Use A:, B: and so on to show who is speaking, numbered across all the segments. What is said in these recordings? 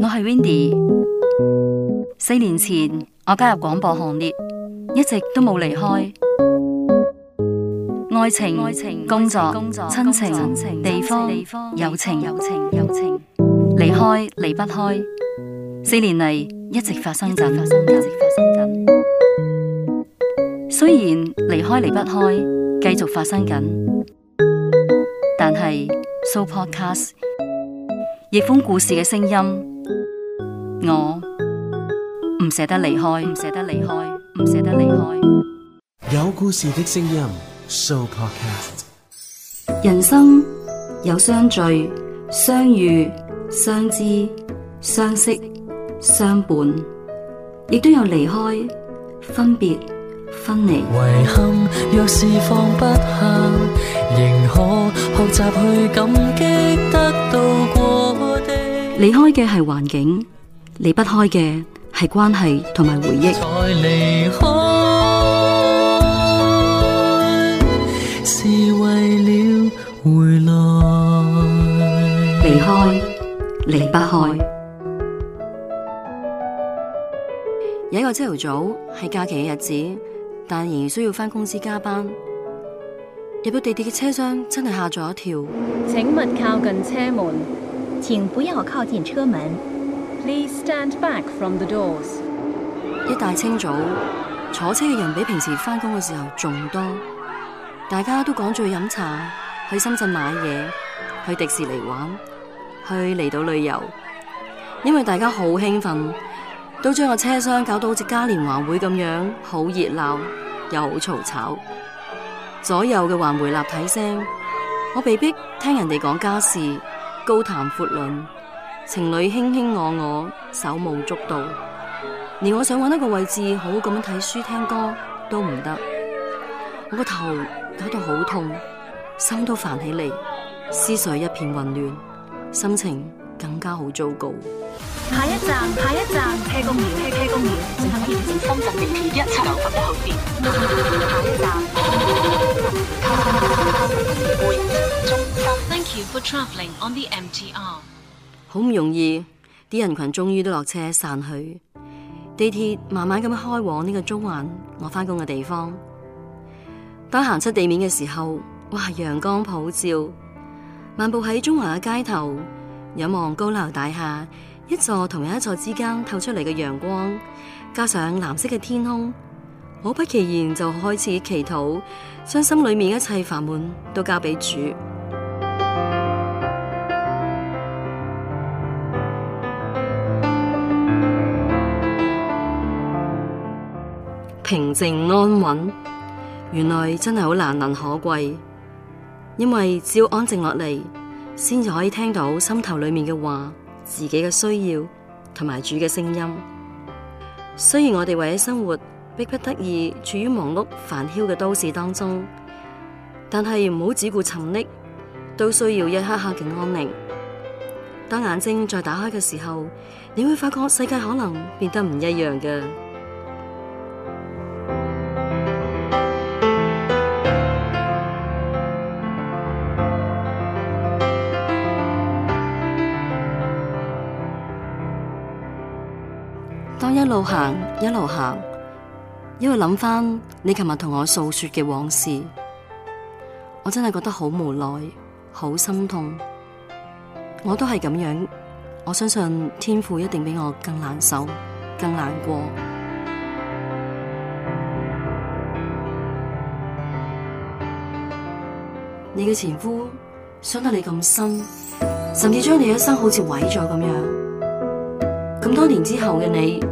A: 我係 Wendy，四年前我加入廣播行列，一直都冇離開。愛情、愛情、工作、工作、親情、親情、地方、地方、友情、友情、友情。離開離不開，四年嚟，一直發生緊，雖然離開離不開，繼續發生緊，但係 So Podcast。逆風故事嘅聲音，我唔捨得離開，唔捨得離開，唔捨得離開。有故事的聲音，Show Podcast。人生有相聚、相遇、相知、相識、相伴，亦都有離開、分別、分離。遺憾若是放不下，仍可學習去感激得到過。離開嘅係環境，離不開嘅係關係同埋回憶。離開是為了回來。離開離不開。開不開有一個朝頭早，係假期嘅日子，但仍然需要返公司加班。入到地鐵嘅車廂，真係吓咗一跳。請勿靠近車門。請不要靠近車門。Please stand back from the doors。一大清早坐車嘅人比平時翻工嘅時候仲多，大家都趕住去飲茶、去深圳買嘢、去迪士尼玩、去離島旅遊。因為大家好興奮，都將個車廂搞到好似嘉年華會咁樣，好熱鬧又好嘈吵，左右嘅環回立體聲，我被逼聽人哋講家事。高談闊論，情侶卿卿我我，手舞足蹈，連我想揾一個位置好咁樣睇書聽歌都唔得，我個頭搞到好痛，心都煩起嚟，思緒一片混亂，心情更加好糟糕。下一站，下一站，車公廟，車公廟，深圳地鐵深圳地鐵一九八號線。下一站，購物中心。好唔容易，啲人群終於都落車散去，地鐵慢慢咁開往呢個中環我翻工嘅地方。當行出地面嘅時候，哇！陽光普照，漫步喺中環嘅街頭，仰望高樓大廈，一座同一座之間透出嚟嘅陽光，加上藍色嘅天空，我不其然就開始祈禱，將心裏面一切煩悶都交俾主。平靜安穩，原來真係好難能可貴。因為只要安靜落嚟，先至可以聽到心頭裏面嘅話，自己嘅需要同埋主嘅聲音。雖然我哋為咗生活逼不得已處於忙碌繁囂嘅都市當中，但係唔好只顧沉溺，都需要一刻刻嘅安寧。當眼睛再打開嘅時候，你會發覺世界可能變得唔一樣嘅。行一路行，因為諗翻你琴日同我訴說嘅往事，我真係覺得好無奈、好心痛。我都係咁樣，我相信天父一定比我更難受、更難過。你嘅前夫傷得你咁深，甚至將你一生好似毀咗咁樣。咁多年之後嘅你。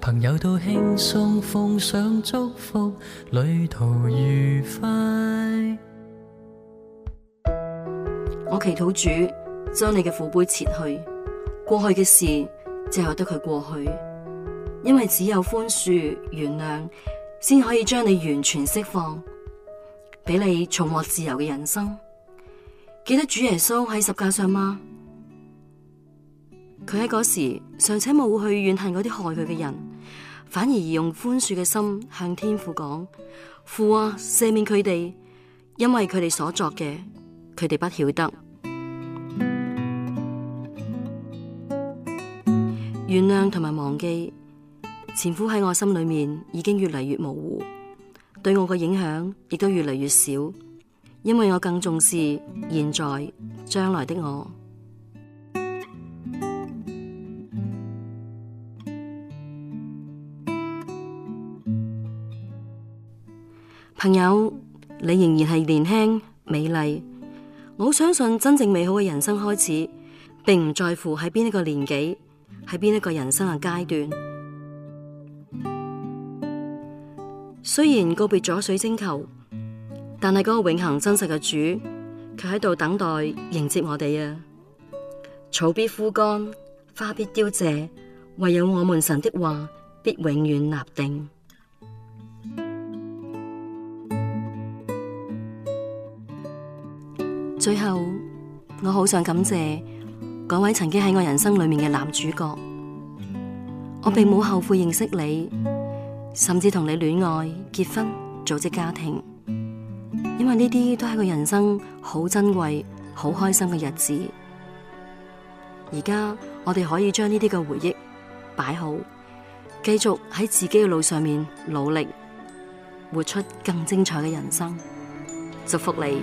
A: 朋友都輕鬆奉上祝福，旅途愉快。我祈禱主將你嘅苦杯切去，過去嘅事就由得佢過去，因為只有寬恕、原諒，先可以將你完全釋放，俾你重獲自由嘅人生。記得主耶穌喺十架上嗎？佢喺嗰時尚且冇去怨恨嗰啲害佢嘅人，反而用寬恕嘅心向天父講：父啊，赦免佢哋，因為佢哋所作嘅，佢哋不曉得。原諒同埋忘記，前夫喺我心裏面已經越嚟越模糊，對我嘅影響亦都越嚟越少，因為我更重視現在、將來的我。朋友，你仍然係年輕美麗，我相信真正美好嘅人生開始，並唔在乎喺邊一個年紀，喺邊一個人生嘅階段。雖然告別咗水晶球，但係嗰個永恆真實嘅主，佢喺度等待迎接我哋啊！草必枯乾，花必凋謝，唯有我們神的話，必永遠立定。最後，我好想感謝嗰位曾經喺我人生裏面嘅男主角，我並冇後悔認識你，甚至同你戀愛、結婚、組織家庭，因為呢啲都係個人生好珍貴、好開心嘅日子。而家我哋可以將呢啲嘅回憶擺好，繼續喺自己嘅路上面努力，活出更精彩嘅人生。祝福你。